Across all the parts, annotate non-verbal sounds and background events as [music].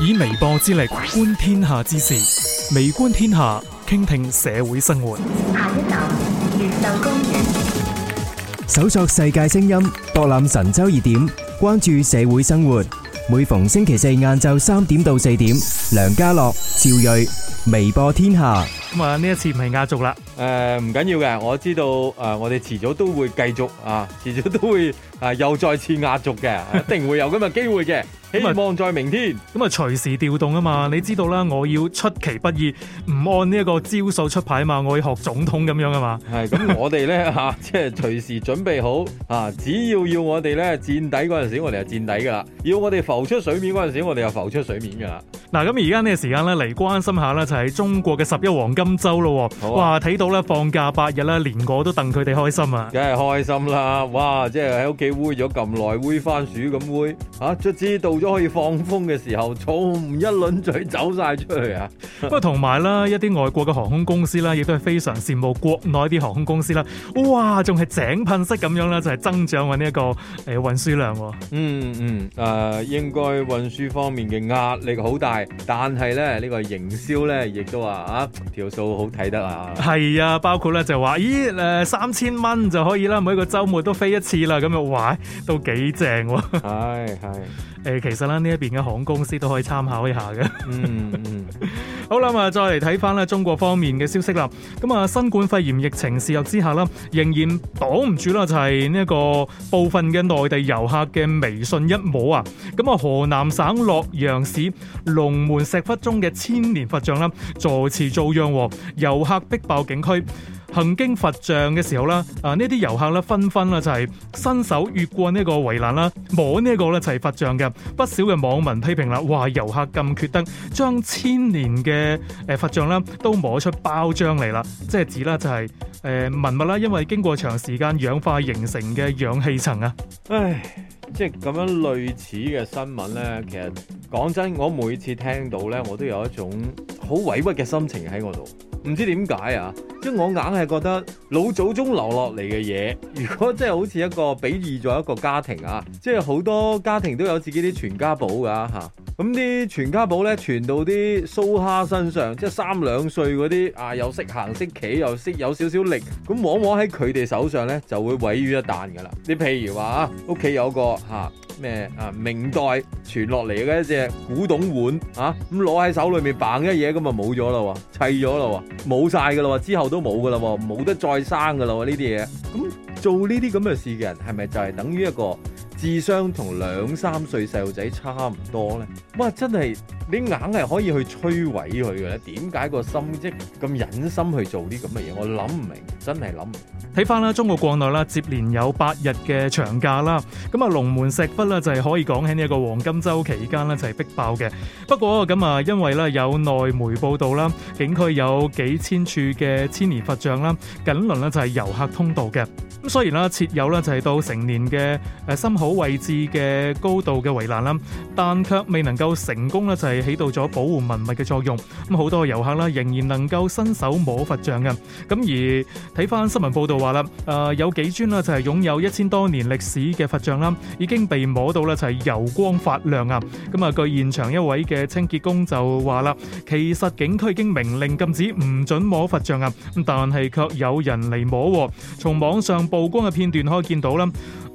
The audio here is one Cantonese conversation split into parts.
以微博之力觀天下之事，微觀天下，傾聽社會生活。下一越秀公園，搜索世界聲音，博覽神州熱點，關注社會生活。每逢星期四晏晝三點到四點，梁家樂、趙瑞，微博天下。咁啊，呢一次唔係壓軸啦。誒、呃，唔緊要嘅，我知道誒、呃，我哋遲早都會繼續啊，遲早都會、啊、又再次壓軸嘅， [laughs] 一定會有咁嘅機會嘅。希望在明天。咁啊，隨時調動啊嘛！你知道啦，我要出其不意，唔按呢一個招數出牌啊嘛！我要學總統咁樣啊嘛。係咁，我哋咧嚇，即 [laughs] 係、啊就是、隨時準備好啊！只要要我哋咧墊底嗰陣時，我哋就墊底噶啦；要我哋浮出水面嗰陣時，我哋又浮出水面噶啦。嗱，咁而家呢個時間咧，嚟關心下咧，就係、是、中國嘅十一黃金週咯、哦啊。哇！睇到咧放假八日咧，連我都戥佢哋開心啊！梗係開心啦！哇！即係喺屋企煨咗咁耐，煨番薯咁煨嚇，卒、啊、之到。都可以放風嘅時候，草唔一輪嘴走晒出去啊！ [laughs] 不過同埋啦，一啲外國嘅航空公司啦，亦都係非常羨慕國內啲航空公司啦。哇，仲係井噴式咁樣啦，就係、是、增長緊呢一、這個誒運輸量、啊。嗯嗯，誒、呃，應該運輸方面嘅壓力好大，但係咧呢、這個營銷咧，亦都話啊條數好睇得啊。係啊，包括咧就話，咦誒，三千蚊就可以啦，每個周末都飛一次啦，咁樣哇，都幾正、啊。係係。誒，其實呢，呢一邊嘅航空公司都可以參考一下嘅、嗯。嗯嗯， [laughs] 好啦，啊，再嚟睇翻咧中國方面嘅消息啦。咁啊，新冠肺炎疫情肆虐之下啦，仍然擋唔住啦，就係呢個部分嘅內地遊客嘅迷信一舞啊。咁啊，河南省洛陽市龍門石窟中嘅千年佛像啦，再次遭殃，遊客逼爆景區。行經佛像嘅時候啦，啊呢啲遊客咧紛紛啦就係伸手越過呢個圍欄啦，摸呢一個咧就係佛像嘅。不少嘅網民批評啦，話遊客咁缺德，將千年嘅誒佛像啦都摸出包漿嚟啦，即係指啦就係、是、誒、呃、文物啦，因為經過長時間氧化形成嘅氧氣層啊，唉。即係咁樣類似嘅新聞呢，其實講真，我每次聽到呢，我都有一種好委屈嘅心情喺嗰度，唔知點解啊！即係我硬係覺得老祖宗留落嚟嘅嘢，如果即係好似一個比喻咗一個家庭啊，即係好多家庭都有自己啲全家寶噶吓，咁、啊、啲全家寶呢，傳到啲蘇蝦身上，即係三兩歲嗰啲啊，又識行識企又識有少少力，咁往往喺佢哋手上呢，就會毀於一旦噶啦。你譬如話啊，屋企有個。吓、啊、咩啊？明代傳落嚟嘅一隻古董碗啊，咁攞喺手裏面嘭一嘢，咁就冇咗咯，砌咗咯，冇晒噶咯，之後都冇噶咯，冇得再生噶咯，呢啲嘢，咁做呢啲咁嘅事嘅人，係咪就係等於一個？智商同兩三歲細路仔差唔多咧，哇！真係你硬係可以去摧毀佢嘅咧，點解個心即咁忍心去做啲咁嘅嘢？我諗唔明，真係諗唔明。睇返啦，中國國內啦，接連有八日嘅長假啦，咁啊，龍門石窟啦就係可以講起呢一個黃金週期間呢，就係逼爆嘅。不過咁啊，因為咧有內媒報道啦，景區有幾千處嘅千年佛像啦，緊鄰呢，就係遊客通道嘅。咁所以啦，設有呢，就係到成年嘅誒心好。位置嘅高度嘅圍欄，但卻未能夠成功就係起到咗保護文物嘅作用。咁好多遊客啦仍然能夠伸手摸佛像嘅，咁而睇翻新聞報道話啦，誒有幾尊啦就係擁有.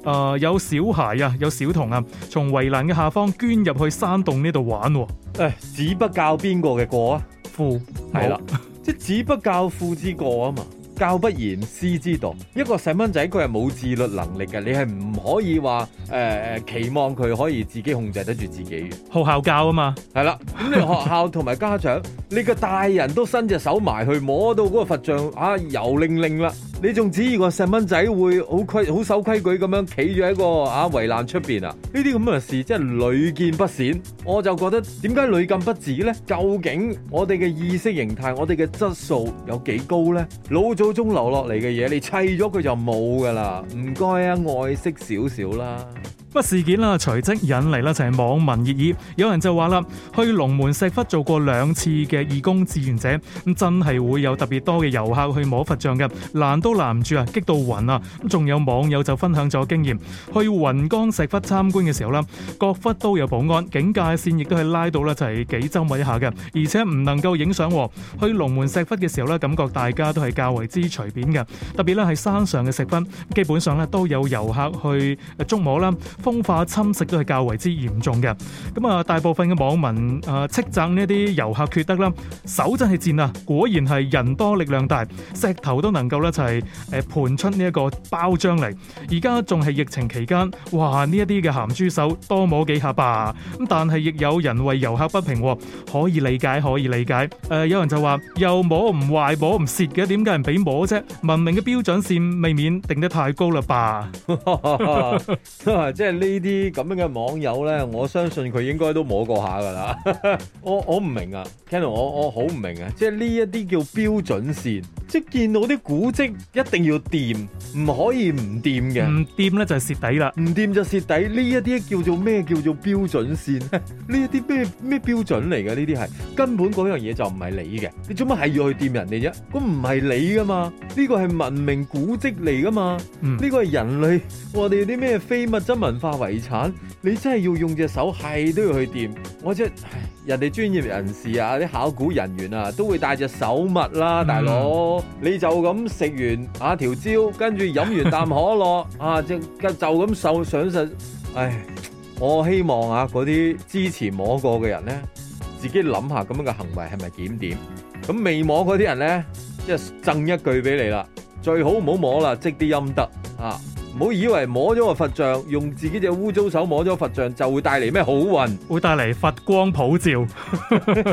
誒、呃，有小孩啊，有小童啊，從圍欄嘅下方捐入去山洞呢度玩，哦。誒、哎，子不教邊個嘅過啊？父係啦，即係子不教父之過啊嘛。教不嚴師之惰。一個細蚊仔佢係冇自律能力嘅，你係唔可以話誒、呃、期望佢可以自己控制得住自己嘅。學校教啊嘛，係啦。咁你學校同埋家長， [laughs] 你個大人都伸隻手埋去摸到嗰個佛像，啊，油令令啦。你仲指意個細蚊仔會好規好守規矩咁樣企住喺一個啊圍欄出面啊？呢啲咁嘅事真係屢見不鮮，我就覺得點解屢禁不止呢？究竟我哋嘅意識形態、我哋嘅質素有幾高呢？老祖宗留落嚟嘅嘢，你砌咗佢就冇噶啦。唔該啊，愛惜少少啦。乜事件啦、啊？隨即引嚟啦，就係網民熱議。有人就話啦，去龍門石窟做過兩次嘅義工志願者，咁真係會有特別多嘅遊客去摸佛像嘅，難道？都攔唔住啊！激到暈啊！咁仲有網友就分享咗經驗，去雲岡石窟參觀嘅時候咧，各窟都有保安，警戒線亦都係拉到咧，就係幾周密一下嘅，而且唔能夠影相。去龍門石窟嘅時候咧，感覺大家都係較為之隨便嘅，特別咧喺山上嘅石窟，基本上咧都有遊客去觸摸啦，風化侵蝕都係較為之嚴重嘅。咁啊，大部分嘅網民啊斥責呢一啲遊客缺德啦，手真係賤啊！果然係人多力量大，石頭都能夠一齊。誒，盤出呢一個包漿嚟，而家仲係疫情期間，哇！呢一啲嘅鹹豬手，多摸幾下吧。咁但係亦有人為遊客不平，哦，可以理解，可以理解。誒、呃，有人就話又摸唔壞，摸唔蝕嘅，點解唔俾摸啫？文明嘅標準線未免定得太高啦吧？ [laughs] [laughs] 即係呢啲咁樣嘅網友咧，我相信佢應該都摸過下噶啦。 [laughs] 我 Kenon, 我唔明啊，Ken，我我好唔明啊，即係呢一啲叫標準線， [laughs] 即係見到啲古蹟。一定要掂，唔可以唔掂嘅，唔掂咧就蝕底啦，唔掂就蝕底。呢一啲叫做咩？叫做標準線？呢一啲咩咩標準嚟嘅？呢啲係根本嗰樣嘢就唔係你嘅，你做乜係要去掂人哋啫？咁唔係你噶嘛？呢個係文明古蹟嚟噶嘛？嗯，呢個係人類我哋啲咩非物質文化遺產？你真係要用隻手係都要去掂。我即係人哋專業人士啊，啲考古人員啊，都會帶隻手襪啦，大佬，你就咁食完。下條蕉，跟住飲完啖可樂， [laughs] 啊，就就咁受上身，唉，我希望啊，嗰啲之前摸過嘅人咧，自己諗下咁樣嘅行為係咪檢點？咁未摸嗰啲人咧，即係贈一句俾你啦，最好唔好摸啦，積啲陰德啊！唔好以為摸咗個佛像，用自己隻污糟手摸咗佛像，就會帶嚟咩好運？會帶嚟佛光普照？ [laughs]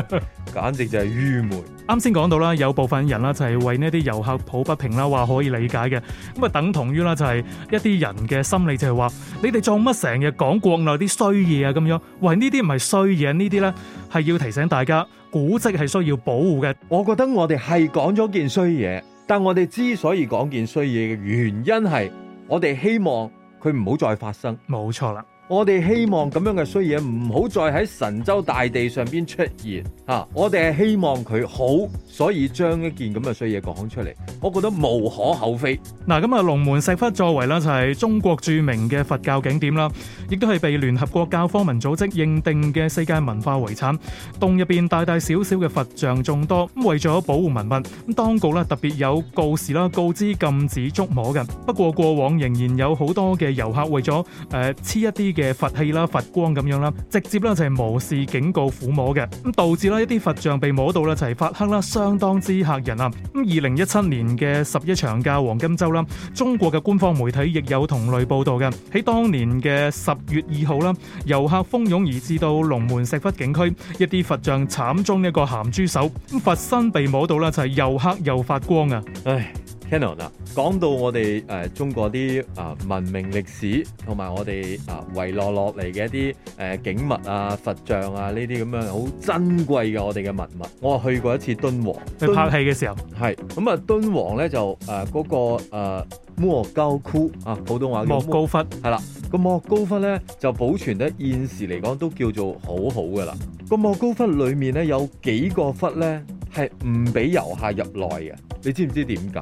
[laughs] 簡直就係愚昧。啱先講到啦，有部分人啦就係為呢啲遊客抱不平啦，話可以理解嘅。咁啊，等同於啦就係一啲人嘅心理就係話，你哋做乜成日講國內啲衰嘢啊？咁樣，喂，呢啲唔係衰嘢，呢啲咧係要提醒大家，古蹟係需要保護嘅。我覺得我哋係講咗件衰嘢，但我哋之所以講件衰嘢嘅原因係。我哋希望佢唔好再發生，冇錯啦。我哋希望咁樣嘅衰嘢唔好再喺神州大地上邊出現吓，啊，我哋係希望佢好，所以將一件咁嘅衰嘢講出嚟，我覺得無可厚非。嗱，咁啊龍門石窟作為呢，就係中國著名嘅佛教景點啦，亦都係被聯合國教科文組織認定嘅世界文化遺產。洞入邊大大小小嘅佛像眾多，咁為咗保護文物，當局呢特別有告示啦，告知禁止觸摸嘅。不過過往仍然有好多嘅遊客為咗誒黐一啲。嘅佛器啦、佛光咁樣啦，直接咧就係無視警告撫摸嘅，咁導致咧一啲佛像被摸到咧就係發黑啦，相當之嚇人啊！咁二零一七年嘅十一長假黃金周啦，中國嘅官方媒體亦有同類報道嘅。喺當年嘅十月二號啦，遊客蜂擁而至到龍門石窟景區，一啲佛像慘中一個鹹豬手，咁佛身被摸到咧就係又黑又發光啊！唉。Ken 啊講到我哋，呃、中國啲啊，呃、文明歷史，同埋我哋啊遺落落嚟嘅一啲，呃、景物啊、佛像啊呢啲咁樣好珍貴嘅我哋嘅文物，我去過一次敦煌，去拍戲嘅時候，係咁啊，敦煌咧就嗰，呃那個、呃莫高窟啊，普通話叫莫高窟係啦，個莫高窟咧就保存咧，現時嚟講都叫做好好噶啦。個莫高窟裏面咧有幾個窟咧係唔俾遊客入內嘅，你知唔知點解？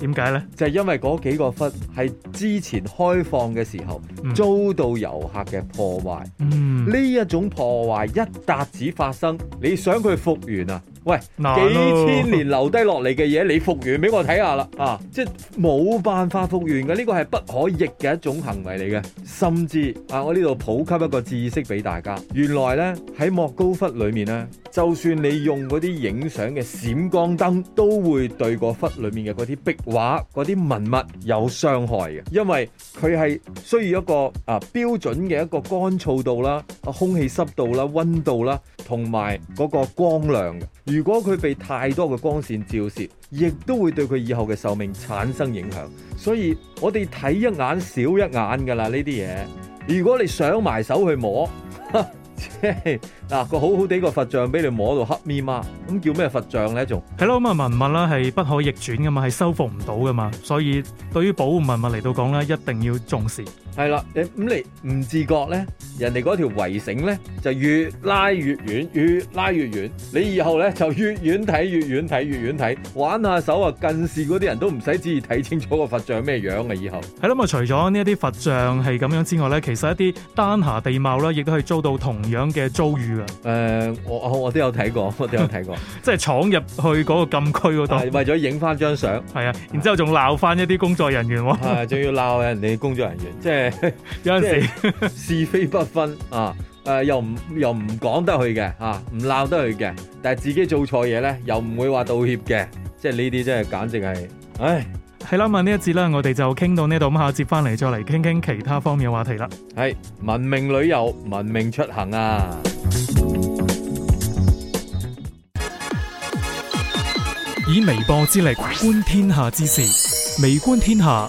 點解咧？就係、是、因為嗰幾個窟係之前開放嘅時候遭到遊客嘅破壞。嗯，呢一種破壞一搭止發生，你想佢復原啊？喂，幾千年留低落嚟嘅嘢，你復原俾我睇下啦，啊，即係冇辦法復原嘅，呢個係不可逆嘅一種行為嚟嘅。甚至啊，我呢度普及一個知識俾大家，原來呢，喺莫高窟裏面呢，就算你用嗰啲影相嘅閃光燈，都會對個窟裏面嘅嗰啲壁畫、嗰啲文物有傷害嘅，因為佢係需要一個啊標準嘅一個乾燥度啦、空氣濕度啦、温度啦，同埋嗰個光亮嘅。如果佢被太多嘅光線照射，亦都會對佢以後嘅壽命產生影響。所以我哋睇一眼少一眼噶啦，呢啲嘢。如果你想埋手去摸，即嗱個好好地個佛像俾你摸到黑咪嘛，咁叫咩佛像呢？仲係咯，咁啊文物啦係不可逆轉噶嘛，係修復唔到噶嘛。所以對於保護文物嚟到講呢，一定要重視。係啦，誒，咁你唔自覺咧，人哋嗰條圍繩咧就越拉越遠，越拉越遠，你以後咧就越遠睇越遠睇越遠睇，玩下手啊，近視嗰啲人都唔使注意睇清楚個佛像咩樣啊！以後係啦，啊，除咗呢一啲佛像係咁樣之外咧，其實一啲丹霞地貌咧，亦都係遭到同樣嘅遭遇啊。誒、呃，我我都有睇過，我都有睇過， [laughs] 即係闖入去嗰個禁區嗰度，係為咗影翻張相，係啊，然之後仲鬧翻一啲工作人員喎，係、啊，仲要鬧人哋工、, [laughs] 啊、工作人員，即係。有陣時是非不分 [laughs] 啊，誒、呃、又唔又唔講得去嘅，吓唔鬧得去嘅，但係自己做錯嘢咧又唔會話道歉嘅，即係呢啲真係簡直係，唉，係啦，問呢一節啦，我哋就傾到呢度，咁下接翻嚟再嚟傾傾其他方面嘅話題啦，係文明旅遊、文明出行啊，以微博之力觀天下之事，微觀天下。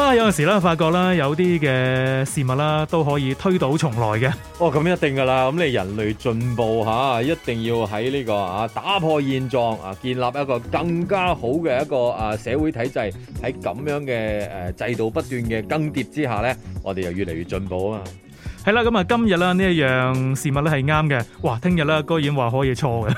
啊，有陣時咧，發覺咧，有啲嘅事物啦，都可以推倒重來嘅。哦，咁一定噶啦，咁你人類進步吓、啊，一定要喺呢個啊，打破現狀啊，建立一個更加好嘅一個啊社會體制。喺咁樣嘅誒、啊、制度不斷嘅更迭之下咧，我哋又越嚟越進步啊嘛。係啦，咁、嗯、啊，今日啦呢一樣事物咧係啱嘅。哇，聽日咧居然話可以錯嘅？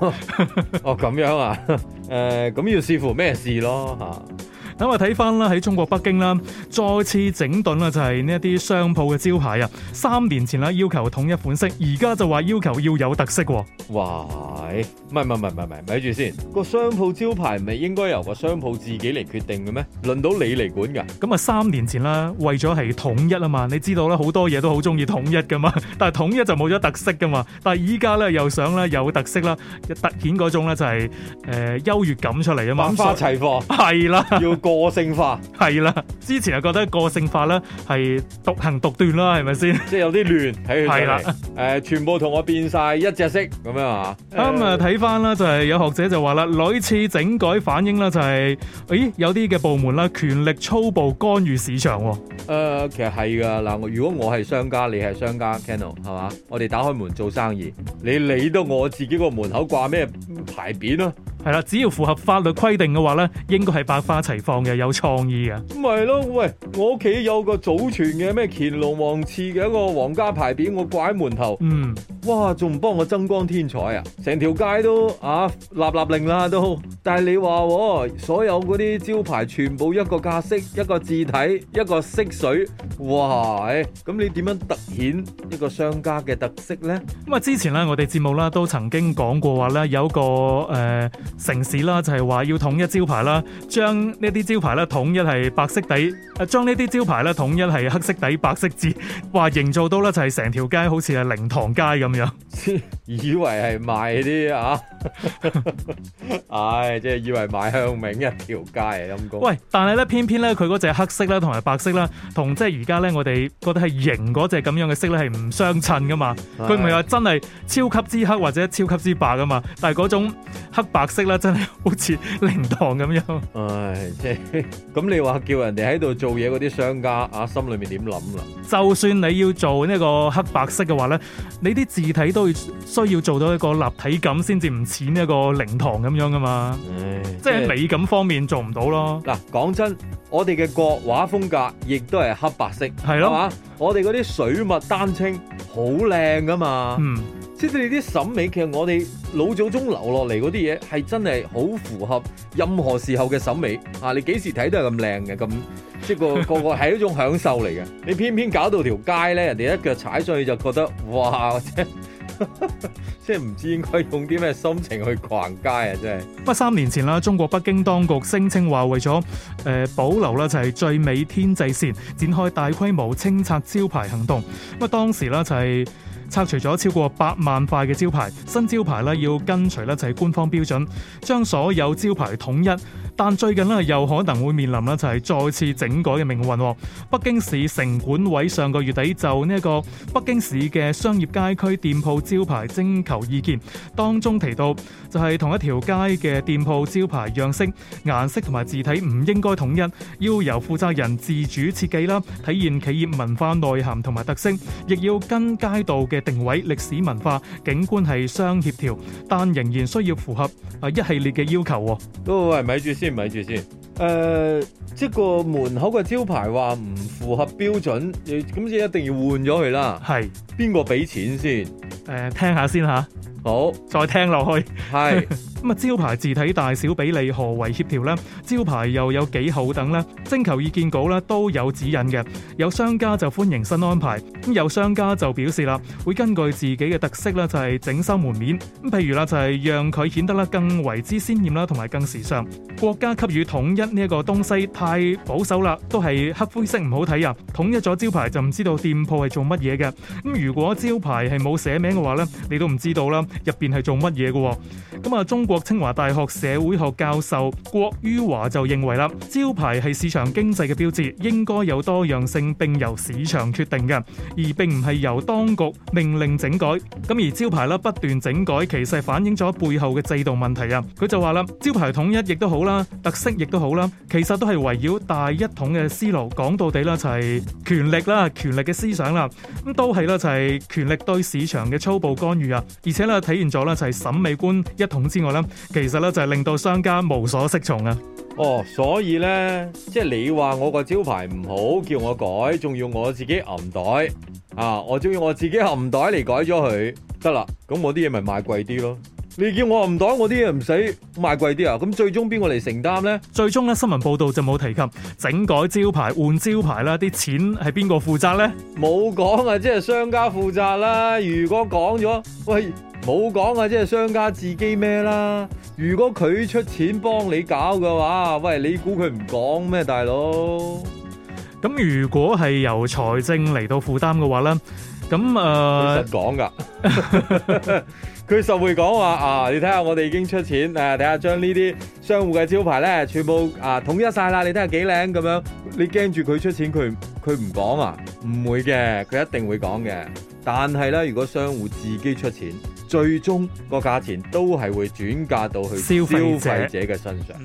哦，咁、 [laughs] 哦、咁樣啊？誒、呃，咁要視乎咩事咯吓？咁啊，睇翻啦，喺中國北京啦，再次整頓啦，就係呢一啲商鋪嘅招牌啊。三年前啦，要求統一款式，而家就話要求要有特色喎。喂，唔係唔係唔係唔係，咪住先，個商鋪招牌唔係應該由個商鋪自己嚟決定嘅咩？輪到你嚟管噶？咁啊，三年前啦，為咗係統一啊嘛，你知道啦，好多嘢都好中意統一噶嘛，但係統一就冇咗特色噶嘛。但係依家咧又想咧有特色啦，特顯嗰種咧就係誒優越感出嚟啊嘛。百花齊放係啦，要。個性化係啦，之前就覺得個性化咧係獨行獨斷啦，係咪先？即 [laughs] 係有啲亂，係啦，誒、呃，全部同我變晒，一隻色咁樣啊！咁、嗯、啊，睇翻啦，就係有學者就話啦，類似整改反應啦，就係、是，咦，有啲嘅部門啦，權力粗暴干預市場喎、呃。其實係噶嗱，如果我係商家，你係商家，Kennel 係嘛？我哋打開門做生意，你理到我自己個門口掛咩牌匾啊？係啦，只要符合法律規定嘅話咧，應該係百花齊放。放嘅有創意啊！唔係 [noise] 咯，喂，我屋企有個祖傳嘅咩乾隆皇賜嘅一個皇家牌匾，我掛喺門頭。嗯。哇！仲唔幫我增光添彩啊？成條街都啊，立立令啦都。但係你話所有嗰啲招牌全部一個架式、一個字體、一個色水，哇！咁你點樣凸顯一個商家嘅特色咧？咁啊，之前咧我哋節目啦都曾經講過話咧，有個誒、呃、城市啦，就係話要統一招牌啦，將呢啲招牌咧統一係白色底，啊將呢啲招牌咧統一係黑色底白色字，話營造到咧就係成條街好似係靈堂街咁。咁樣，以為係賣啲啊，唉、 [laughs] 哎，即係以為賣向明一條街陰公。喂，但係咧，偏偏咧，佢嗰隻黑色啦，同埋白色啦，同即係而家咧，我哋覺得係型嗰隻咁樣嘅色咧，係唔相襯噶嘛。佢唔係話真係超級之黑或者超級之白噶嘛，但係嗰種黑白色咧，真係好似靈堂咁樣。唉、哎，即係咁，你話叫人哋喺度做嘢嗰啲商家啊，心裏面點諗啦？就算你要做呢個黑白色嘅話咧，你啲。字體都要需要做到一個立體感，先至唔似一個靈堂咁樣噶嘛，嗯、即係喺美感方面做唔到咯。嗱，講真，我哋嘅國畫風格亦都係黑白色，係咯、嗯，我哋嗰啲水墨丹青好靚噶嘛。嗯即係你啲審美，其實我哋老祖宗留落嚟嗰啲嘢係真係好符合任何時候嘅審美啊！你幾時睇都係咁靚嘅，咁即個個個係一種享受嚟嘅。你偏偏搞到條街咧，人哋一腳踩上去就覺得哇！即係唔知應該用啲咩心情去逛街啊！真係咁啊！三年前啦，中國北京當局聲稱話為咗誒、呃、保留啦就係最美天際線，展開大規模清拆招牌行動。咁啊，當時啦就係、是。拆除咗超過八萬塊嘅招牌，新招牌咧要跟隨咧就係官方標準，將所有招牌統一。但最近咧又可能會面臨咧就係再次整改嘅命運。北京市城管委上個月底就呢一個北京市嘅商業街區店鋪招牌徵求意見當中提到就係，同一條街嘅店鋪招牌樣式、顏色同埋字體唔應該統一，要由負責人自主設計啦，體現企業文化內涵同埋特色，亦要跟街道嘅定位、歷史文化景觀係相協調，但仍然需要符合啊一系列嘅要求。都係咪住先？咪住先，誒、呃，即個門口嘅招牌話唔符合標準，咁即一定要換咗佢啦。係，邊個俾錢先？誒、呃，聽下先下，好，再聽落去。係。 [laughs] 招牌字體大小比例何為協調呢？招牌又有幾好等呢？徵求意見稿都有指引嘅。有商家就歡迎新安排，咁有商家就表示啦，會根據自己嘅特色咧，就係整修門面。咁譬如啦，就係讓佢顯得更為之鮮豔啦，同埋更時尚。國家給予統一呢一個東西太保守啦，都係黑灰色唔好睇啊！統一咗招牌就唔知道店鋪係做乜嘢嘅。咁如果招牌係冇寫名嘅話咧，你都唔知道啦，入邊係做乜嘢嘅。咁啊中國清華大學社會學教授郭于華就認為啦，招牌係市場經濟嘅標誌，應該有多樣性，並由市場決定嘅，而並唔係由當局命令整改。咁而招牌啦不斷整改，其實係反映咗背後嘅制度問題啊。佢就話啦，招牌統一亦都好啦，特色亦都好啦，其實都係圍繞大一統嘅思路。講到底啦，就係權力啦，權力嘅思想啦，咁都係啦，就係權力對市場嘅粗暴干預啊。而且啦，體現咗啦，就係審美觀一統之外咧。其實咧就係令到商家無所適從啊！哦，所以咧，即係你話我個招牌唔好，叫我改，仲要我自己揞袋啊！我仲要我自己揞袋嚟改咗佢得啦，咁我啲嘢咪賣貴啲咯。你叫我唔擋，我啲嘢唔使賣貴啲啊？咁最終邊個嚟承擔咧？最終咧新聞報道就冇提及整改招牌換招牌啦，啲錢係邊個負責咧？冇講啊，即係商家負責啦。如果講咗，喂，冇講啊，即係商家自己咩啦？如果佢出錢幫你搞嘅話，喂，你估佢唔講咩大佬？咁如果係由財政嚟到負擔嘅話咧，咁誒，實講、呃、噶。佢實會講話啊！你睇下我哋已經出錢誒，睇下將呢啲商戶嘅招牌咧，全部啊統一晒啦！你睇下幾靚咁樣，你驚住佢出錢佢佢唔講啊？唔會嘅，佢一定會講嘅。但係咧，如果商戶自己出錢，最終個價錢都係會轉嫁到去消費者嘅身上，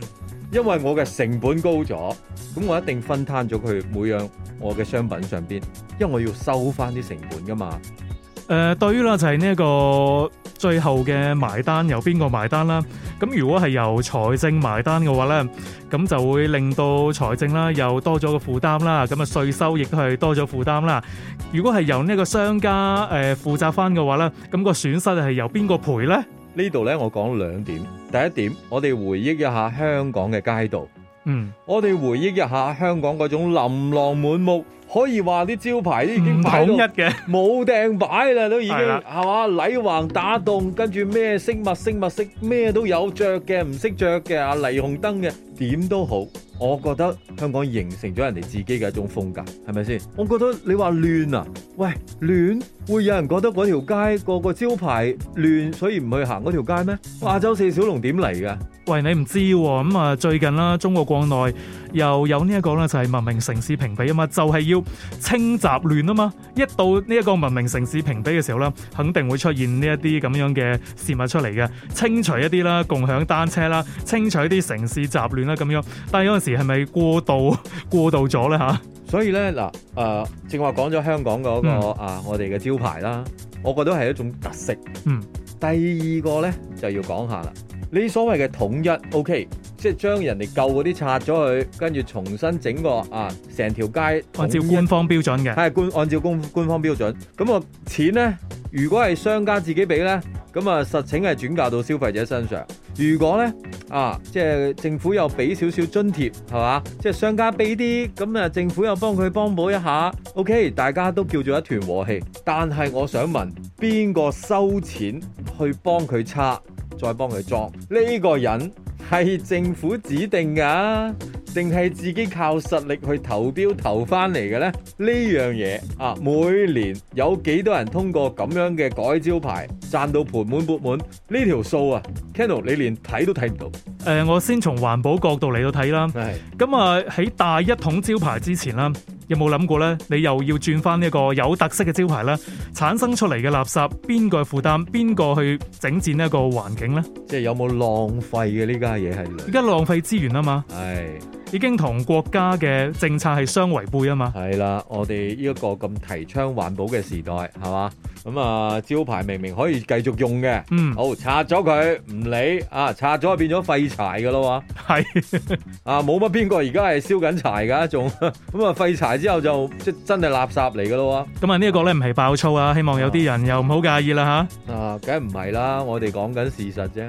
因為我嘅成本高咗，咁我一定分攤咗佢每樣我嘅商品上邊，因為我要收翻啲成本噶嘛。誒、呃、對於啦，就係呢一個。最後嘅埋單由邊個埋單啦？咁如果係由財政埋單嘅話呢，咁就會令到財政啦又多咗個負擔啦，咁啊稅收亦都係多咗負擔啦。如果係由呢個商家誒、呃、負責返嘅話呢，咁、那個損失係由邊個賠呢？呢度呢，我講兩點。第一點，我哋回憶一下香港嘅街道，嗯，我哋回憶一下香港嗰種琳琅滿目。可以話啲招牌都已經統一嘅，冇掟擺啦，都已經係嘛？禮橫打洞，跟住咩識物識物識咩都有着嘅，唔識着嘅啊！霓虹燈嘅點都好，我覺得香港形成咗人哋自己嘅一種風格，係咪先？我覺得你話亂啊？喂，亂會有人覺得嗰條街個個招牌亂，所以唔去行嗰條街咩？亞洲四小龍點嚟㗎？喂，你唔知喎咁啊？最近啦，中國國內。又有呢一個咧，就係文明城市評比啊嘛，就係要清雜亂啊嘛。一到呢一個文明城市評比嘅時候咧，肯定會出現呢一啲咁樣嘅事物出嚟嘅，清除一啲啦，共享單車啦，清除一啲城市雜亂啦咁樣。但係嗰陣時係咪過度過度咗咧吓，所以咧嗱，誒，正話講咗香港嗰個、嗯、啊，我哋嘅招牌啦，我覺得係一種特色。嗯，第二個咧就要講下啦。你所謂嘅統一，OK。即係將人哋舊嗰啲拆咗佢，跟住重新整個啊，成條街按照官方標準嘅，係按按照官官方標準。咁啊錢呢？如果係商家自己俾呢，咁啊實情係轉嫁到消費者身上。如果呢？啊，即係政府又俾少少津貼，係嘛，即係商家俾啲，咁啊政府又幫佢幫補一下。OK，大家都叫做一團和氣。但係我想問，邊個收錢去幫佢拆，再幫佢裝？呢個人？係政府指定噶，定係自己靠實力去投標投翻嚟嘅呢？呢樣嘢啊，每年有幾多人通過咁樣嘅改招牌賺到盆滿缽滿？呢條數啊，Kennel 你連睇都睇唔到。誒、呃，我先從環保角度嚟到睇啦。係。咁啊，喺大一統招牌之前啦。有冇諗過呢？你又要轉翻呢一個有特色嘅招牌咧？產生出嚟嘅垃圾，邊個負擔？邊個去整治呢一個環境呢？即係有冇浪費嘅呢家嘢係？而家浪費資源啊嘛。係。已經同國家嘅政策係相違背啊嘛，係啦，我哋呢一個咁提倡環保嘅時代，係嘛，咁啊招牌明明可以繼續用嘅，嗯，好拆咗佢唔理啊，拆咗變咗廢柴噶咯，係 [laughs] 啊，冇乜邊個而家係燒緊柴噶，仲咁啊廢柴之後就即真係垃圾嚟噶咯，咁啊呢個咧唔係爆粗啊，希望有啲人又唔好介意啦吓，啊，梗係唔係啦，我哋講緊事實啫。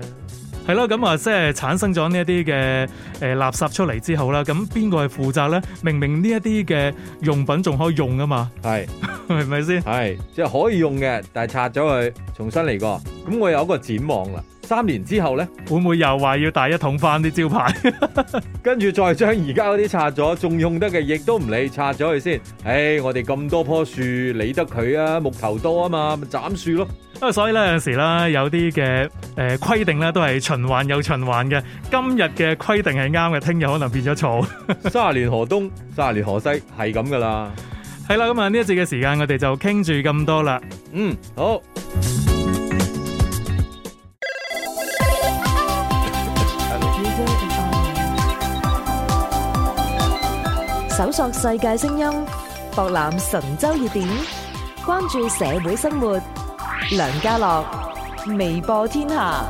係咯，咁啊，即係產生咗呢一啲嘅誒垃圾出嚟之後啦，咁邊個係負責咧？明明呢一啲嘅用品仲可以用㗎嘛，係係咪先？係即係可以用嘅，但係拆咗佢，重新嚟過。咁我有一個展望啦。三年之後咧，會唔會又話要大一桶翻啲招牌？跟住再將而家嗰啲拆咗，仲用得嘅亦都唔理，拆咗佢先。誒，我哋咁多棵樹，理得佢啊？木頭多啊嘛，咪斬樹咯。啊，所以咧，有陣時啦，有啲嘅誒規定咧都係循環又循環嘅。今日嘅規定係啱嘅，聽日可能變咗錯。卅年河東，卅年河西，係咁噶啦。係啦，咁啊呢一節嘅時間，我哋就傾住咁多啦。嗯，好。搜索世界聲音，博覽神州熱點，關注社會生活。梁家樂，微播天下。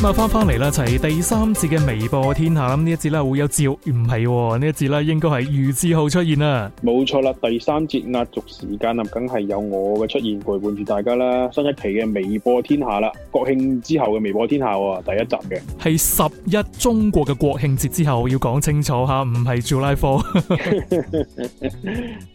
咁啊，翻翻嚟啦，就係、是、第三節嘅微播天下咁呢一節咧會有趙唔係呢一節咧，應該係余志浩出現啊。冇錯啦，第三節壓軸時間啊，梗係有我嘅出現陪伴住大家啦。新一期嘅微播天下啦，國慶之後嘅微播天下第一集嘅係十一中國嘅國慶節之後要講清楚吓，唔係 July 4。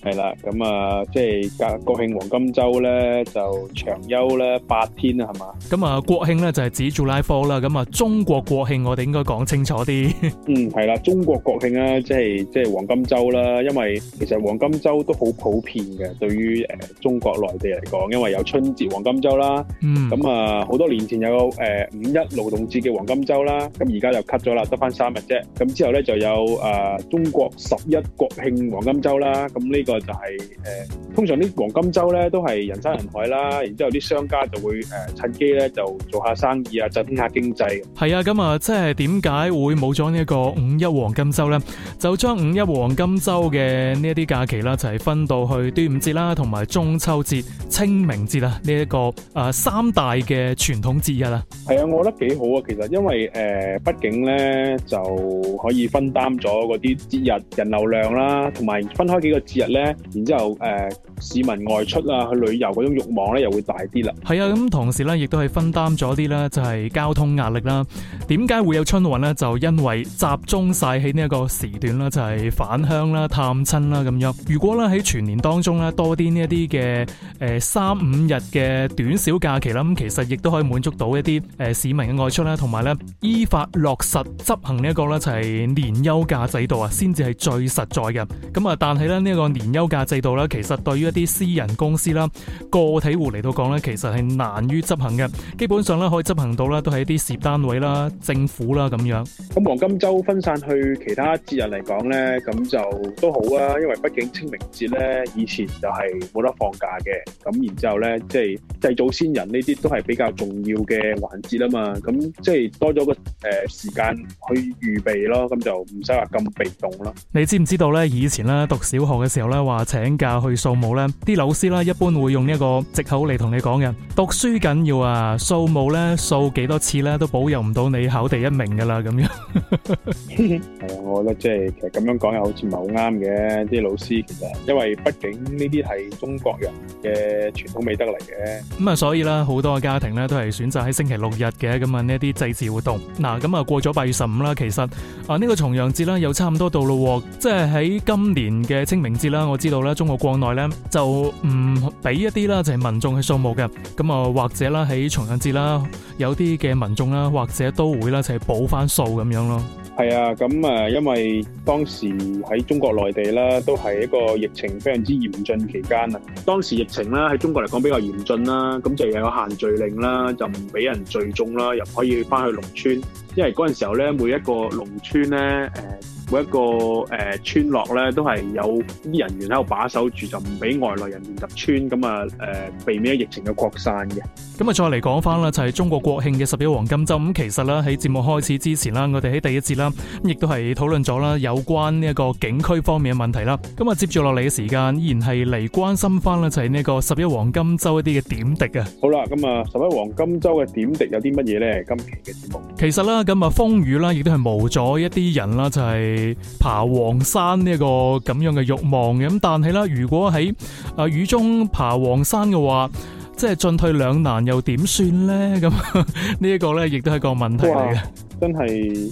係 [laughs] 啦， [laughs] 咁啊，即係國國慶黃金周咧就長休咧八天啊，係嘛？咁啊，國慶咧就係、是、指 July 4啦。咁啊、嗯，中國國慶我哋應該講清楚啲。嗯，係啦，中國國慶啊，即係即係黃金周啦。因為其實黃金周都好普遍嘅，對於誒、呃、中國內地嚟講，因為有春節黃金周啦，咁啊好多年前有誒、呃、五一勞動節嘅黃金周啦，咁而家就 cut 咗啦，得翻三日啫。咁之後咧就有誒、呃、中國十一國慶黃金周啦。咁呢個就係、是、誒、呃、通常啲黃金周咧都係人山人海啦。然之後啲商家就會誒、呃、趁機咧就做下生意啊，賺下經。係啊，咁啊，即係點解會冇咗呢一個五一黃金周咧？就將五一黃金周嘅呢一啲假期啦，就係分到去端午節啦，同埋中秋節、清明節啦呢一個誒三大嘅傳統節日啦。係啊，我覺得幾好啊，其實因為誒，畢竟咧就可以分擔咗嗰啲節日人流量啦，同埋分開幾個節日咧，然之後誒市民外出啊去旅遊嗰種慾望咧又會大啲啦。係啊，咁同時咧亦都係分擔咗啲咧，就係交通、壓力啦，點解會有春運咧？就因為集中晒喺呢一個時段啦，就係、是、返鄉啦、探親啦咁樣。如果咧喺全年當中咧多啲呢一啲嘅誒三五日嘅短小假期啦，咁其實亦都可以滿足到一啲誒、呃、市民嘅外出啦，同埋咧依法落實執行呢一個咧就係年休假制度啊，先至係最實在嘅。咁啊，但係咧呢一、這個年休假制度咧，其實對於一啲私人公司啦、個體戶嚟到講咧，其實係難於執行嘅。基本上咧可以執行到咧都係一啲。接單位啦、政府啦咁樣，咁黃金週分散去其他節日嚟講呢，咁就都好啊，因為畢竟清明節呢，以前就係冇得放假嘅，咁然之後呢，即係祭祖先人呢啲都係比較重要嘅環節啊嘛，咁即係多咗個誒、呃、時間去預備咯，咁就唔使話咁被動啦。你知唔知道呢？以前呢，讀小學嘅時候呢，話請假去掃墓呢，啲老師啦一般會用呢一個藉口嚟同你講嘅，讀書緊要啊，掃墓呢掃幾多次？咧都保佑唔到你考第一名㗎啦，咁樣係啊、 [laughs] [laughs] 嗯，我覺得即、就、係、是、其實咁樣講又好似唔係好啱嘅。啲老師其實因為畢竟呢啲係中國人嘅傳統美德嚟嘅。咁、嗯、啊，所以啦，好多嘅家庭咧都係選擇喺星期六日嘅咁啊呢一啲祭祀活動。嗱、嗯、咁、嗯、啊過咗八月十五啦，其實啊呢、這個重陽節啦又差唔多到咯。即係喺今年嘅清明節啦，我知道咧，中國國內咧就唔俾一啲啦，就係、就是、民眾去掃墓嘅。咁、嗯、啊，或者啦喺重陽節啦有啲嘅民。種啦，或者都會啦，就係補翻數咁樣咯。係啊，咁誒，因為當時喺中國內地啦，都係一個疫情非常之嚴峻期間啊。當時疫情咧喺中國嚟講比較嚴峻啦，咁就又有限聚令啦，就唔俾人聚眾啦，又唔可以翻去農村，因為嗰陣時候咧，每一個農村咧，誒。每一個誒、呃、村落咧，都係有啲人員喺度把守住，就唔俾外來人員入村，咁啊誒，避免疫情嘅擴散嘅。咁啊，再嚟講翻啦，就係、是、中國國慶嘅十一黃金週。咁其實咧，喺節目開始之前啦，我哋喺第一節啦，亦都係討論咗啦有關呢一個景區方面嘅問題啦。咁啊，接住落嚟嘅時間，依然係嚟關心翻啦，就係呢一個十一黃金週一啲嘅點滴啊。好啦，咁啊，十一黃金週嘅點滴有啲乜嘢咧？今期嘅節目其實啦，咁啊風雨啦，亦都係冇咗一啲人啦，就係、是。爬黃山呢個咁樣嘅欲望嘅，咁但係啦，如果喺啊雨中爬黃山嘅話，即係進退兩難，又點算呢？咁呢一個咧，亦都係個問題嚟嘅。真係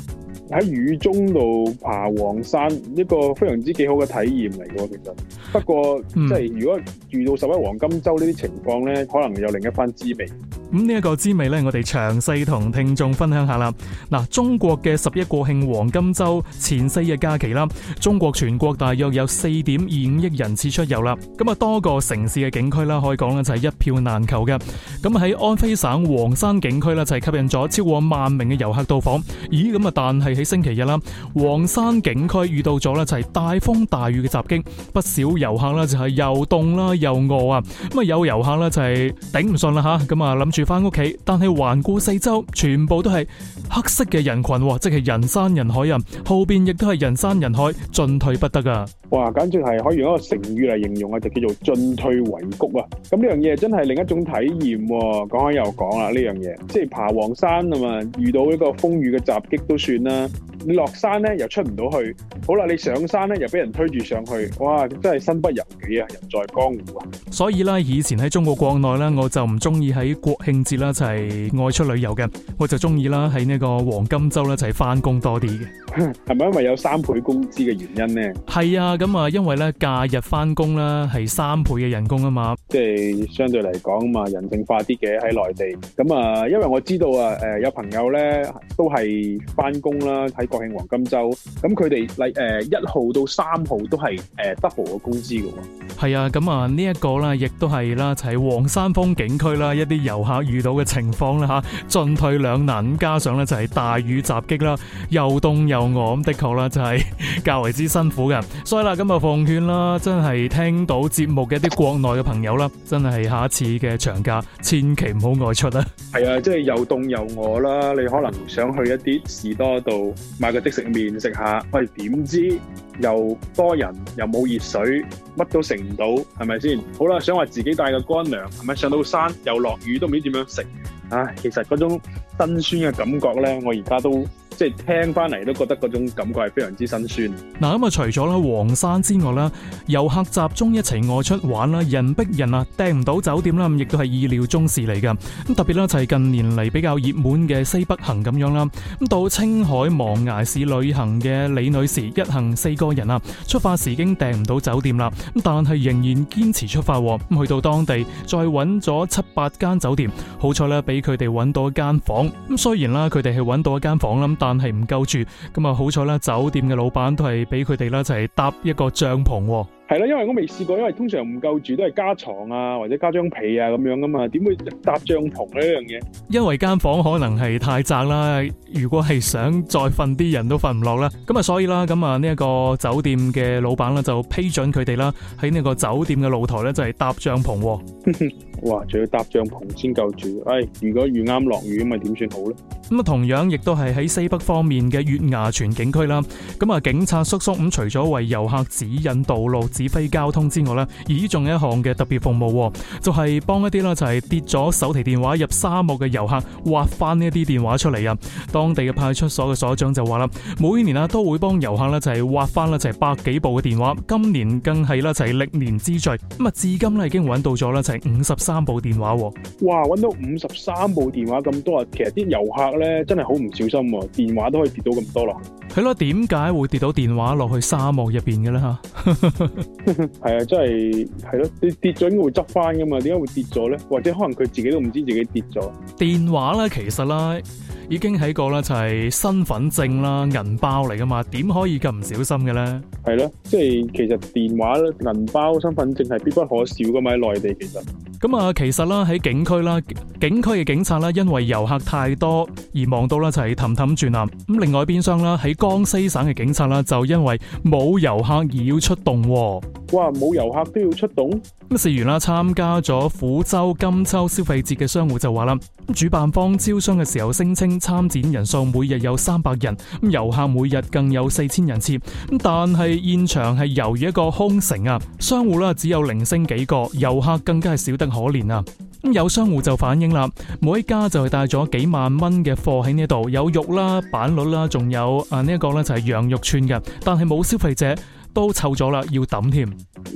喺雨中度爬黃山，一、呢個非常之幾好嘅體驗嚟嘅。其實不過，即、嗯、係如果遇到十一黃金周呢啲情況呢，可能有另一番滋味。咁呢一個滋味呢，我哋詳細同聽眾分享下啦。嗱，中國嘅十一國慶黃金周前四日假期啦，中國全國大約有四點二五億人次出遊啦。咁啊，多個城市嘅景區啦，可以講呢就係一票難求嘅。咁喺安徽省黃山景區呢，就係吸引咗超過萬名嘅遊客到訪。咦，咁啊，但係喺星期日啦，黃山景區遇到咗呢，就係大風大雨嘅襲擊，不少遊客呢就係又凍啦又餓啊。咁啊，有遊客呢就係頂唔順啦吓，咁啊諗住。翻屋企，但係環顧四周，全部都係黑色嘅人群，哦、即係人山人海啊！後邊亦都係人山人海，進退不得噶。哇，簡直係可以用一個成語嚟形容啊，就叫做進退維谷啊！咁呢樣嘢真係另一種體驗。講開又講啦，呢樣嘢即係爬黃山啊嘛，遇到一個風雨嘅襲擊都算啦。你落山咧又出唔到去，好啦，你上山咧又俾人推住上去，哇！真係身不由己啊，人在江湖啊。所以咧，以前喺中國國內咧，我就唔中意喺國慶性質啦，就係外出旅遊嘅。我就中意啦，喺呢個黃金周啦，就係翻工多啲嘅。係咪因為有三倍工資嘅原因咧？係啊，咁啊，因為咧假日翻工啦，係三倍嘅人工啊嘛，即係相對嚟講啊嘛，人性化啲嘅喺內地。咁啊，因為我知道啊，誒，有朋友咧都係翻工啦，喺國慶黃金周，咁佢哋嚟誒一號到三號都係誒 double 嘅工資嘅。係啊，咁啊呢一個啦，亦都係啦，就係黃山風景區啦，一啲遊客。遇到嘅情況啦，吓進退兩難，加上咧就係大雨襲擊啦，又凍又餓，咁的確啦就係較為之辛苦嘅。所以啦，今日奉勸啦，真係聽到節目嘅一啲國內嘅朋友啦，真係下一次嘅長假，千祈唔好外出啊！係啊，即係又凍又餓啦，你可能想去一啲士多度買個即食麵食下，喂，點知？又多人又冇，熱水，乜都食唔到，係咪先？好啦，想話自己帶個乾糧，係咪上到山又落雨都唔知點樣食？唉，其實嗰種辛酸嘅感覺咧，我而家都～即係聽翻嚟，都覺得嗰種感覺係非常之辛酸。嗱，咁啊，除咗啦黃山之外啦，遊客集中一齊外出玩啦，人逼人啊，訂唔到酒店啦，咁亦都係意料中事嚟噶。咁特別啦，就係近年嚟比較熱門嘅西北行咁樣啦。咁到青海茫崖市旅行嘅李女士一行四個人啊，出發時已經訂唔到酒店啦，咁但係仍然堅持出發喎。咁去到當地再揾咗七八間酒店，好彩呢，俾佢哋揾到一間房。咁雖然啦，佢哋係揾到一間房啦。但係唔夠住，咁啊好彩啦！酒店嘅老闆都係俾佢哋啦就係搭一個帳篷。係啦，因為我未試過，因為通常唔夠住都係加床啊，或者加張被啊咁樣噶嘛，點會搭帳篷呢樣嘢，因為間房可能係太窄啦，如果係想再瞓啲人都瞓唔落啦，咁啊所以啦，咁啊呢一個酒店嘅老闆咧就批准佢哋啦，喺呢個酒店嘅露台咧就係搭帳篷。哇，仲要搭帳篷先夠住，唉、哎，如果遇啱落雨咁咪點算好咧？咁啊同樣亦都係喺西北方面嘅月牙泉景區啦，咁啊警察叔叔咁除咗為遊客指引道路。指揮交通之外呢，而依仲有一項嘅特別服務、哦，就係、是、幫一啲呢，就係、是、跌咗手提電話入沙漠嘅遊客挖翻呢啲電話出嚟啊。當地嘅派出所嘅所長就話啦，每年啊都會幫遊客呢，就係、是、挖翻呢，就係、是、百幾部嘅電話。今年更係呢，就係、是、歷年之最咁啊，至今呢已經揾到咗呢，就係五十三部電話、哦。哇，揾到五十三部電話咁多啊，其實啲遊客呢，真係好唔小心啊，電話都可以跌到咁多咯。係咯，點解會跌到電話落去沙漠入邊嘅呢？ [laughs] 係 [laughs] 啊，真係係咯，你、啊、跌咗應該會執翻噶嘛？點解會跌咗咧？或者可能佢自己都唔知自己跌咗。電話咧，其實咧已經喺個咧就係身份證啦、銀包嚟噶嘛？點可以咁唔小心嘅咧？係咯、啊，即、就、係、係、其實電話咧、銀包、身份證係必不可少噶嘛？喺內地其實。咁啊，其實啦，喺景區啦，景區嘅警察啦，因為遊客太多而忙到啦，就係氹氹轉啊。咁另外邊廂啦，喺江西省嘅警察啦，就因為冇遊客而要出動。哇！冇遊客都要出動咁，事緣啦，參加咗撫州金秋消費節嘅商戶就話啦，主辦方招商嘅時候聲稱參展人數每日有三百人，咁遊客每日更有四千人次，咁但係現場係猶如一個空城啊！商戶啦只有零星幾個，遊客更加係少得可憐啊！咁有商戶就反映啦，每一家就係帶咗幾萬蚊嘅貨喺呢度，有肉啦、板栗啦，仲有啊呢一個咧就係羊肉串嘅，但係冇消費者。都臭咗啦，要抌添！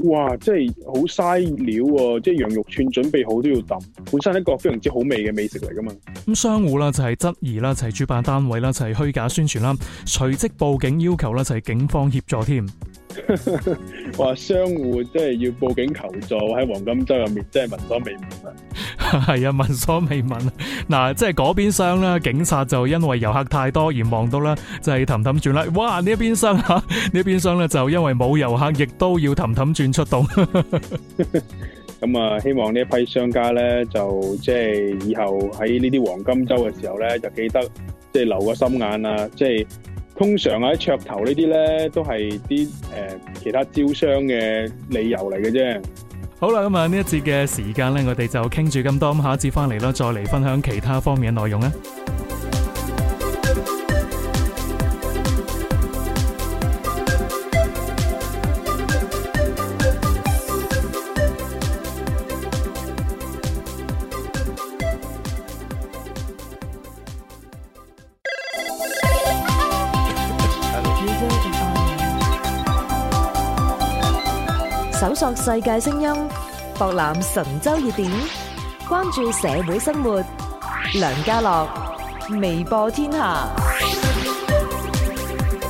哇，真係好嘥料啊！即係羊肉串準備好都要抌，本身係一個非常之好味嘅美食嚟噶嘛。咁商戶啦就係質疑啦，就係主辦單位啦，就係虛假宣傳啦，隨即報警要求啦，就係警方協助添。話 [laughs] 商戶即係要報警求助喺黃金周入面真係聞所未聞啊 [laughs] 係啊聞所未聞啊，即係聞所未聞啊！係啊，聞所未聞嗱，即係嗰邊廂啦，警察就因為遊客太多而忙到啦，就係氹氹轉啦。哇，呢一邊廂吓，呢一邊廂咧就因為冇遊客，亦都要氹氹轉出動。咁 [laughs] [laughs] 啊，希望呢一批商家咧，就即係以後喺呢啲黃金周嘅時候咧，就記得即係留個心眼啊，即係。通常喺桌頭呢啲咧，都係啲誒其他招商嘅理由嚟嘅啫。好啦，咁啊呢一節嘅時間咧，我哋就傾住咁多，咁下一節翻嚟啦，再嚟分享其他方面嘅內容啦。世界聲音，博覽神州熱點，關注社會生活。梁家樂，微播天下。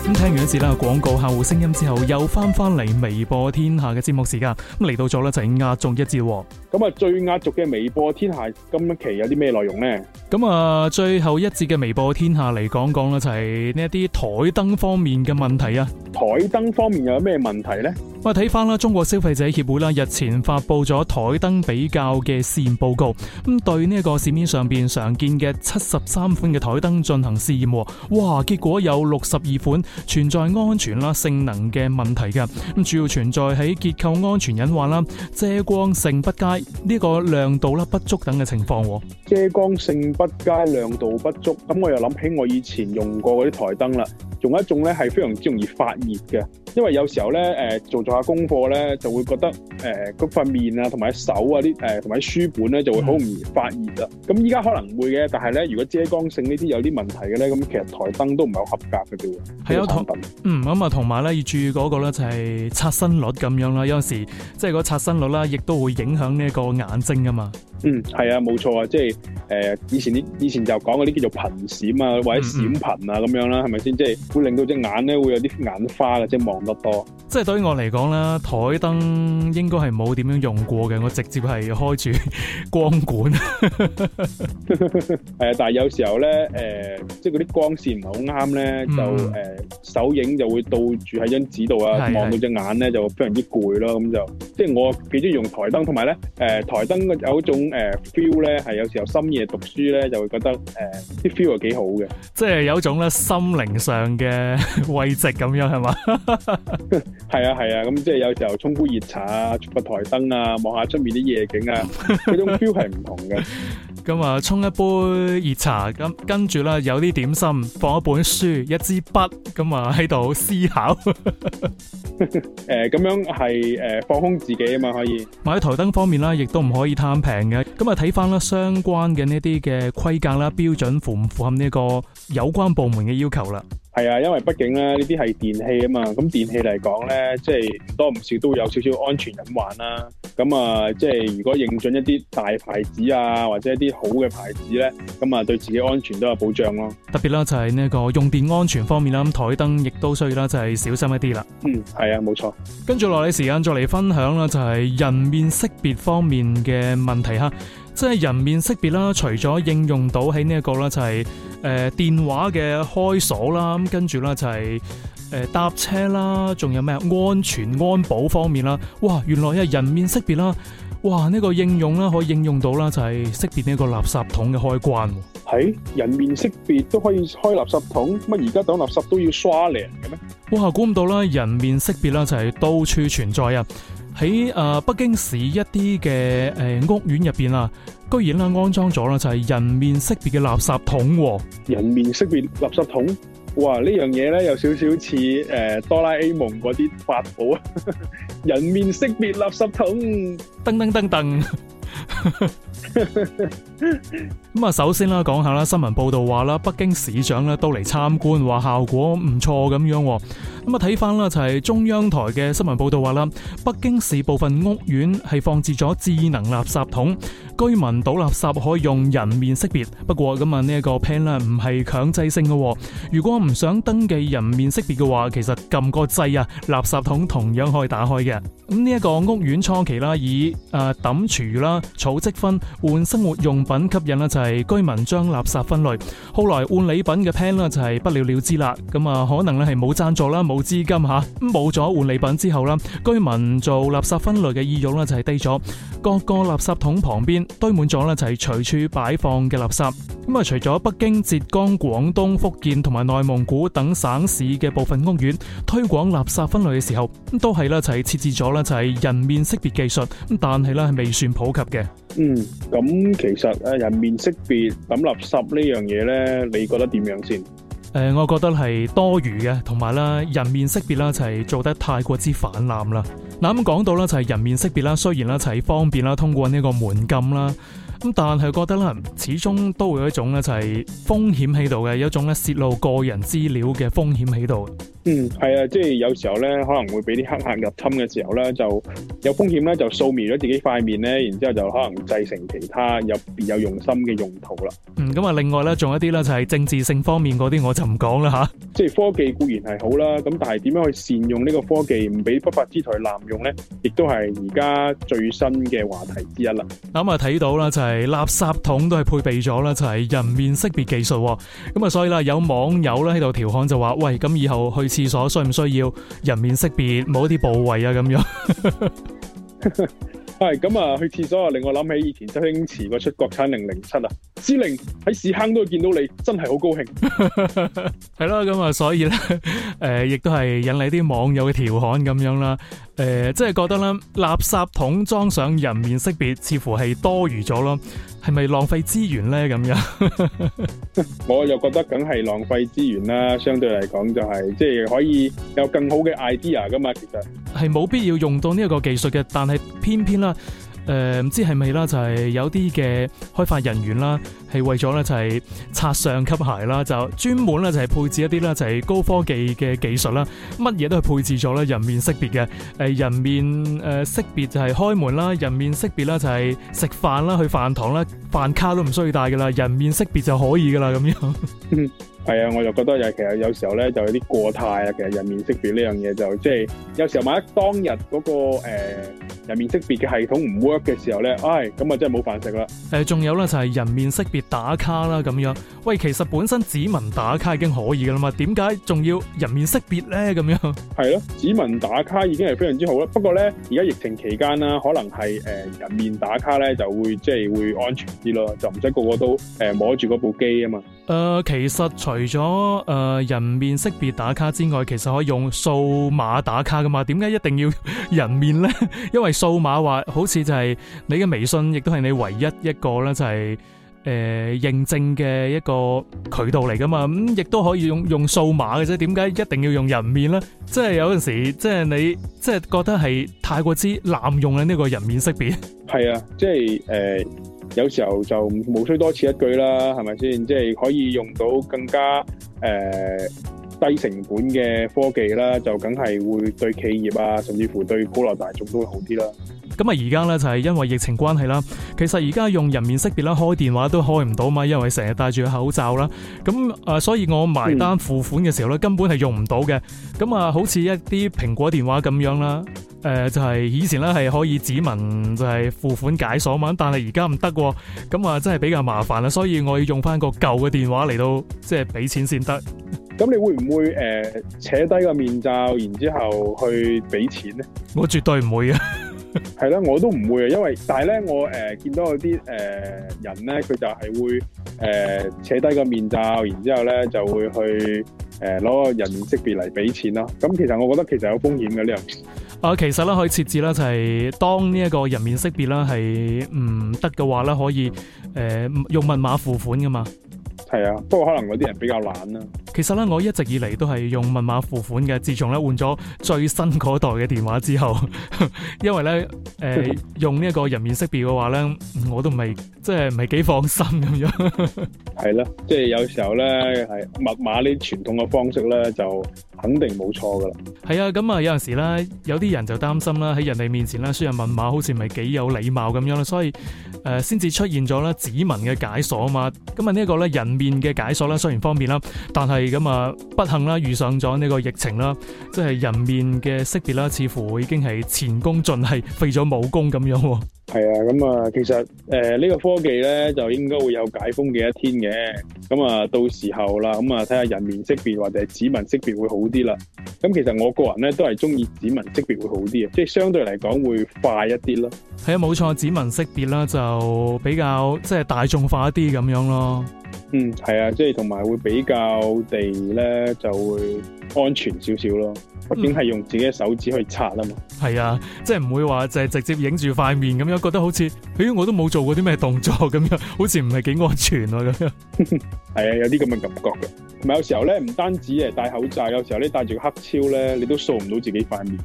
咁聽完一次啦廣告客戶聲音之後，又翻翻嚟微播天下嘅節目時間。咁嚟到咗咧，就壓軸一節。咁啊最壓軸嘅微播天下今期有啲咩內容咧？咁啊，最後一節嘅微博天下嚟講講啦，就係呢一啲台燈方面嘅問題啊。台燈方面有咩問題呢？我睇翻啦，中國消費者協會啦日前發佈咗台燈比較嘅試驗報告。咁對呢個市面上邊常見嘅七十三款嘅台燈進行試驗，哇，結果有六十二款存在安全啦、性能嘅問題嘅。咁主要存在喺結構安全隱患啦、遮光性不佳、呢個亮度啦不足等嘅情況。遮光性不加亮度不足，咁我又諗起我以前用過嗰啲台燈啦。同一種咧係非常之容易發熱嘅，因為有時候咧誒、呃、做咗下功課咧就會覺得誒嗰、呃、塊面啊同埋手啊啲誒同埋書本咧就會好容易發熱啊。咁依家可能會嘅，但係咧如果遮光性呢啲有啲問題嘅咧，咁其實台燈都唔係好合格嘅啫喎。係啊，同、這個、嗯咁啊，同埋咧要注意嗰個咧就係刷新率咁樣啦。有時即係、就是、個刷新率啦，亦都會影響呢一個眼睛㗎嘛。嗯，係啊，冇錯啊，即係誒、呃、以前啲以前就講嗰啲叫做頻閃啊或者閃頻啊咁樣啦，係咪先即係？會令到隻眼咧會有啲眼花嘅，即係望得多。即係對於我嚟講啦，台燈應該係冇點樣用過嘅，我直接係開住光管。係 [laughs] [laughs] 但係有時候咧，誒、呃，即係嗰啲光線唔係好啱咧，就誒、嗯、手影就會倒住喺張紙度啊，望到隻眼咧就非常之攰咯。咁就即係我幾中意用台燈，同埋咧誒台燈有一種誒 feel 咧，係有時候深夜讀書咧就會覺得誒啲 feel 係幾好嘅，即係有一種咧心靈上嘅位置咁樣係嘛？係 [laughs] 啊，係啊。咁即係有時候沖杯熱茶啊，出個台燈啊，望下出面啲夜景啊，嗰 [laughs] 種 feel 係唔同嘅。咁啊，沖一杯熱茶，咁跟住啦，有啲點心，放一本書，一支筆，咁啊喺度思考。誒、 [laughs] [laughs] 呃，咁樣係誒、呃、放空自己啊嘛，可以喺台燈方面啦，亦都唔可以貪平嘅。咁啊，睇翻啦相關嘅呢啲嘅規格啦標準，符唔符合呢個有關部門嘅要求啦？係啊，因為畢竟咧，呢啲係電器啊嘛，咁電器嚟講咧，即係唔多唔少都會有少少安全隱患啦。咁啊，即係如果認準一啲大牌子啊，或者一啲好嘅牌子咧，咁啊，對自己安全都有保障咯。特別啦，就係呢個用電安全方面啦，咁台燈亦都需要啦，就係小心一啲啦。嗯，係啊，冇錯。跟住落嚟時間，再嚟分享啦，就係人面識別方面嘅問題哈。即係人面識別啦，除咗應用到喺呢一個啦，就係誒電話嘅開鎖啦，跟住啦就係誒搭車啦，仲有咩安全安保方面啦，哇，原來啊人面識別啦，哇呢個應用啦可以應用到啦，就係識別呢個垃圾桶嘅開關。係人面識別都可以開垃圾桶，乜而家倒垃圾都要刷零嘅咩？哇，估唔到啦，人面識別啦就係到處存在啊！喺誒北京市一啲嘅誒屋苑入邊啊，居然咧安裝咗啦，就係人面識別嘅垃圾桶。人面識別垃圾桶，哇！呢樣嘢咧有少少似誒哆啦 A 夢嗰啲法寶啊！ [laughs] 人面識別垃圾桶，噔噔噔噔。 [laughs] 咁啊，首先啦，講下啦，新聞報道話啦，北京市長咧都嚟參觀，話效果唔錯咁樣。咁啊，睇翻啦，就係中央台嘅新聞報道話啦，北京市部分屋苑係放置咗智能垃圾桶。居民倒垃圾可以用人面識別，不過咁啊呢一個 plan 呢唔係強制性嘅，如果唔想登記人面識別嘅話，其實撳個掣啊，垃圾桶同樣可以打開嘅。咁呢一個屋苑初期啦，以誒抌廚啦、儲積分換生活用品吸引啦，就係居民將垃圾分類。後來換禮品嘅 plan 呢就係不了了之啦，咁、嗯、啊可能咧係冇贊助啦、冇資金吓，冇咗換禮品之後啦，居民做垃圾分類嘅意欲呢就係低咗，各個垃圾桶旁邊，堆滿咗咧，就係隨處擺放嘅垃圾。咁啊，除咗北京、浙江、廣東、福建同埋內蒙古等省市嘅部分屋苑，推廣垃圾分類嘅時候，都係啦，就係設置咗啦，就係人面識別技術。咁但係呢，係未算普及嘅。嗯，咁其實誒，人面識別抌垃圾呢樣嘢呢，你覺得點樣先？誒、呃，我覺得係多餘嘅，同埋呢，人面識別啦，就係做得太過之氾濫啦。嗱，咁講到咧就係人面識別啦，雖然咧就係方便啦，通過呢個門禁啦，咁但係覺得咧始終都會有一種咧就係風險喺度嘅，有一種咧泄露個人資料嘅風險喺度。嗯，係啊，即係有時候咧，可能會俾啲黑客入侵嘅時候咧，就有風險咧，就掃描咗自己塊面咧，然之後就可能製成其他別有用心嘅用途啦。嗯，咁啊，另外咧，仲有一啲咧就係政治性方面嗰啲，我就唔講啦吓。即係科技固然係好啦，咁但係點樣去善用呢個科技，唔俾不法之徒濫用咧，亦都係而家最新嘅話題之一啦。咁、嗯、啊，睇到啦，就係、是、垃圾桶都係配備咗啦，就係人面識別技術。咁啊，所以啦，有網友咧喺度調侃就話，喂，咁以後去。廁所需唔需要人面識別？某啲部位啊，咁樣係咁啊，去廁所令我諗起以前周星馳出國產零零七啊，司令喺屎坑都會見到你，真係好高興，係 [laughs] 咯，咁啊，所以咧，誒、呃，亦都係引嚟啲網友嘅調侃咁樣啦。誒、呃，即係覺得啦，垃圾桶裝上人面識別，似乎係多餘咗咯，係咪浪費資源呢？咁樣，我又覺得梗係浪費資源啦。相對嚟講，就是，就係即係可以有更好嘅 idea 噶嘛。其實係冇必要用到呢一個技術嘅，但係偏偏啦，誒、呃，唔知係咪啦，就係，是、有啲嘅開發人員啦。係為咗咧就係擦上級鞋啦，就專門咧就係配置一啲咧就係高科技嘅技術啦，乜嘢都係配置咗啦、呃，人面、呃、識別嘅，誒人面誒識別就係開門啦，人面識別啦就係食飯啦，去飯堂啦，飯卡都唔需要帶噶啦，人面識別就可以噶啦咁樣。嗯，係啊，我就覺得就係其實有時候咧就有啲過態啊，其實人面識別呢樣嘢就即係、就係、有時候萬一當日嗰、嗰個誒、呃、人面識別嘅系統唔 work 嘅時候咧，唉、哎，咁啊真係冇飯食啦。誒、呃，仲有咧就係、係、人面識別。打卡啦，咁樣喂，其實本身指紋打卡已經可以噶啦嘛，點解仲要人面識別咧？咁樣係咯，指紋打卡已經係非常之好啦。不過咧，而家疫情期間啦，可能係誒、呃、人面打卡咧就會即係、就是、會安全啲咯，就唔使個個都誒摸住嗰部機啊嘛。誒、呃，其實除咗誒、呃、人面識別打卡之外，其實可以用數碼打卡噶嘛？點解一定要人面咧？因為數碼話好似就係你嘅微信，亦都係你唯一一個咧，就係、是。誒，認證嘅一個渠道嚟噶嘛，咁亦都可以用用數碼嘅啫，點解一定要用人面咧？即係有陣時，即係你即係覺得係太過之濫用嘅呢個人面識別。係啊，即係誒，有時候就無需多此一句啦，係咪先？即係可以用到更加誒低成本嘅科技啦，就梗係會對企業啊，甚至乎對高樓大眾都會好啲啦。咁啊，而家咧就係因為疫情關係啦。其實而家用人面識別啦，開電話都開唔到嘛，因為成日戴住口罩啦。咁誒，所以我埋單付款嘅時候咧、嗯，根本係用唔到嘅。咁啊，好似一啲蘋果電話咁樣啦。誒、呃，就係、是、以前咧係可以指紋就係付款解鎖嘛，但係而家唔得。咁啊，真係比較麻煩啦。所以我要用翻個舊嘅電話嚟到即係俾錢先得。咁你會唔會誒、呃、扯低個面罩，然之後去俾錢呢？我絕對唔會啊！係 [laughs] 啦，我都唔會啊，因為但係咧，我誒見到有啲誒人咧，佢就係會誒、呃、扯低個面罩，然之後咧就會去誒攞、呃、個人面識別嚟俾錢咯。咁其實我覺得其實有風險嘅呢樣。啊、呃，其實咧可以設置啦，就係、是、當呢一個人面識別啦係唔得嘅話咧，可以誒、呃、用密碼付款噶嘛。係啊，不過可能嗰啲人比較懶啦、啊。其實咧，我一直以嚟都係用密碼付款嘅。自從咧換咗最新嗰代嘅電話之後， [laughs] 因為咧誒、呃、 [laughs] 用呢一個人面識別嘅話咧，我都唔係即係唔係幾放心咁樣。係 [laughs] 啦、啊，即、就、係、是、有時候咧係密碼呢傳統嘅方式咧就肯定冇錯噶啦。係啊，咁啊有陣時咧有啲人就擔心啦喺人哋面前咧，輸入密碼好似唔係幾有禮貌咁樣啦，所以誒先至出現咗咧指紋嘅解鎖啊嘛。咁啊呢一個咧人。人面嘅解鎖啦，雖然方便啦，但係咁啊不幸啦，遇上咗呢個疫情啦，即係人面嘅識別啦，似乎已經係前功盡棄，廢咗武功咁樣喎。係啊，咁、嗯、啊，其實誒呢、呃這個科技咧就應該會有解封嘅一天嘅，咁、嗯、啊到時候啦，咁啊睇下人面識別或者指紋識別會好啲啦。咁、嗯、其實我個人咧都係中意指紋識別會好啲啊，即係相對嚟講會快一啲咯。係啊，冇錯，指紋識別啦，就比較即係、就是、大眾化一啲咁樣咯。嗯，係啊，即係同埋會比較地咧就會安全少少咯。畢竟係用自己手指去刷啊嘛。係、嗯、啊，即係唔會話就係直接影住塊面咁樣。覺得好似，咦、哎？我都冇做過啲咩動作咁樣，好似唔係幾安全啊！咁樣，係 [laughs] 啊，有啲咁嘅感覺嘅。同埋有時候咧，唔單止係戴口罩，有時候你戴住個黑超咧，你都掃唔到自己塊面。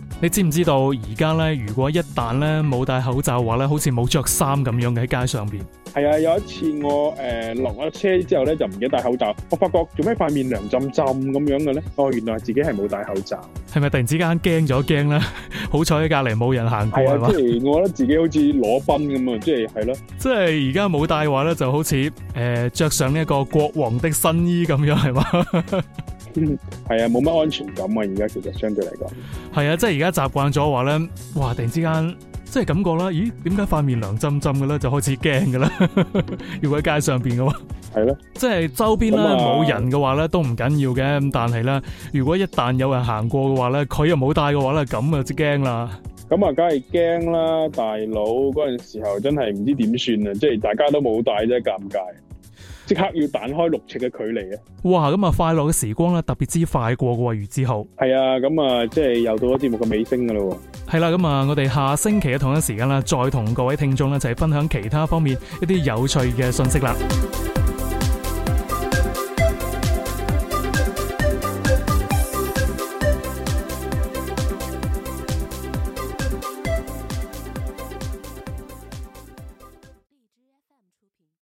[laughs] 你知唔知道而家咧，如果一旦咧冇戴口罩嘅話咧，好似冇着衫咁樣嘅喺街上邊。係啊，有一次我誒落咗車之後咧，就唔記得戴口罩。我發覺做咩塊面涼浸浸咁樣嘅咧？哦，原來自己係冇戴口罩。係咪突然之間驚咗驚啦？ [laughs] 好彩喺隔籬冇人行過係嘛、啊？即係我覺得自己好似裸奔咁、就是、啊！即係係咯，即係而家冇戴話咧，就好似誒、呃、着上呢一個國王的新衣咁樣係嘛？係 [laughs] [laughs] 啊，冇乜安全感啊！而家其實相對嚟講，係啊，即係而家習慣咗話咧，哇！突然之間。即係感覺啦，咦？點解塊面涼浸浸嘅咧？就開始驚㗎啦，如果喺街上邊嘅話,、啊、話，係咯，即係周邊咧冇人嘅話咧都唔緊要嘅，咁但係咧如果一旦有人行過嘅話咧，佢又冇帶嘅話咧，咁啊即驚啦。咁啊，梗係驚啦，大佬嗰陣時候真係唔知點算啊，即係大家都冇帶，啫，真係尷尬。即刻要彈開六尺嘅距離啊！哇，咁啊，快樂嘅時光咧，特別之快過嘅話，余之豪係啊，咁啊，即係又到咗節目嘅尾聲噶喇喎！係啦，咁啊，我哋下星期嘅同一時間啦，再同各位聽眾咧，就係分享其他方面一啲有趣嘅信息。啦。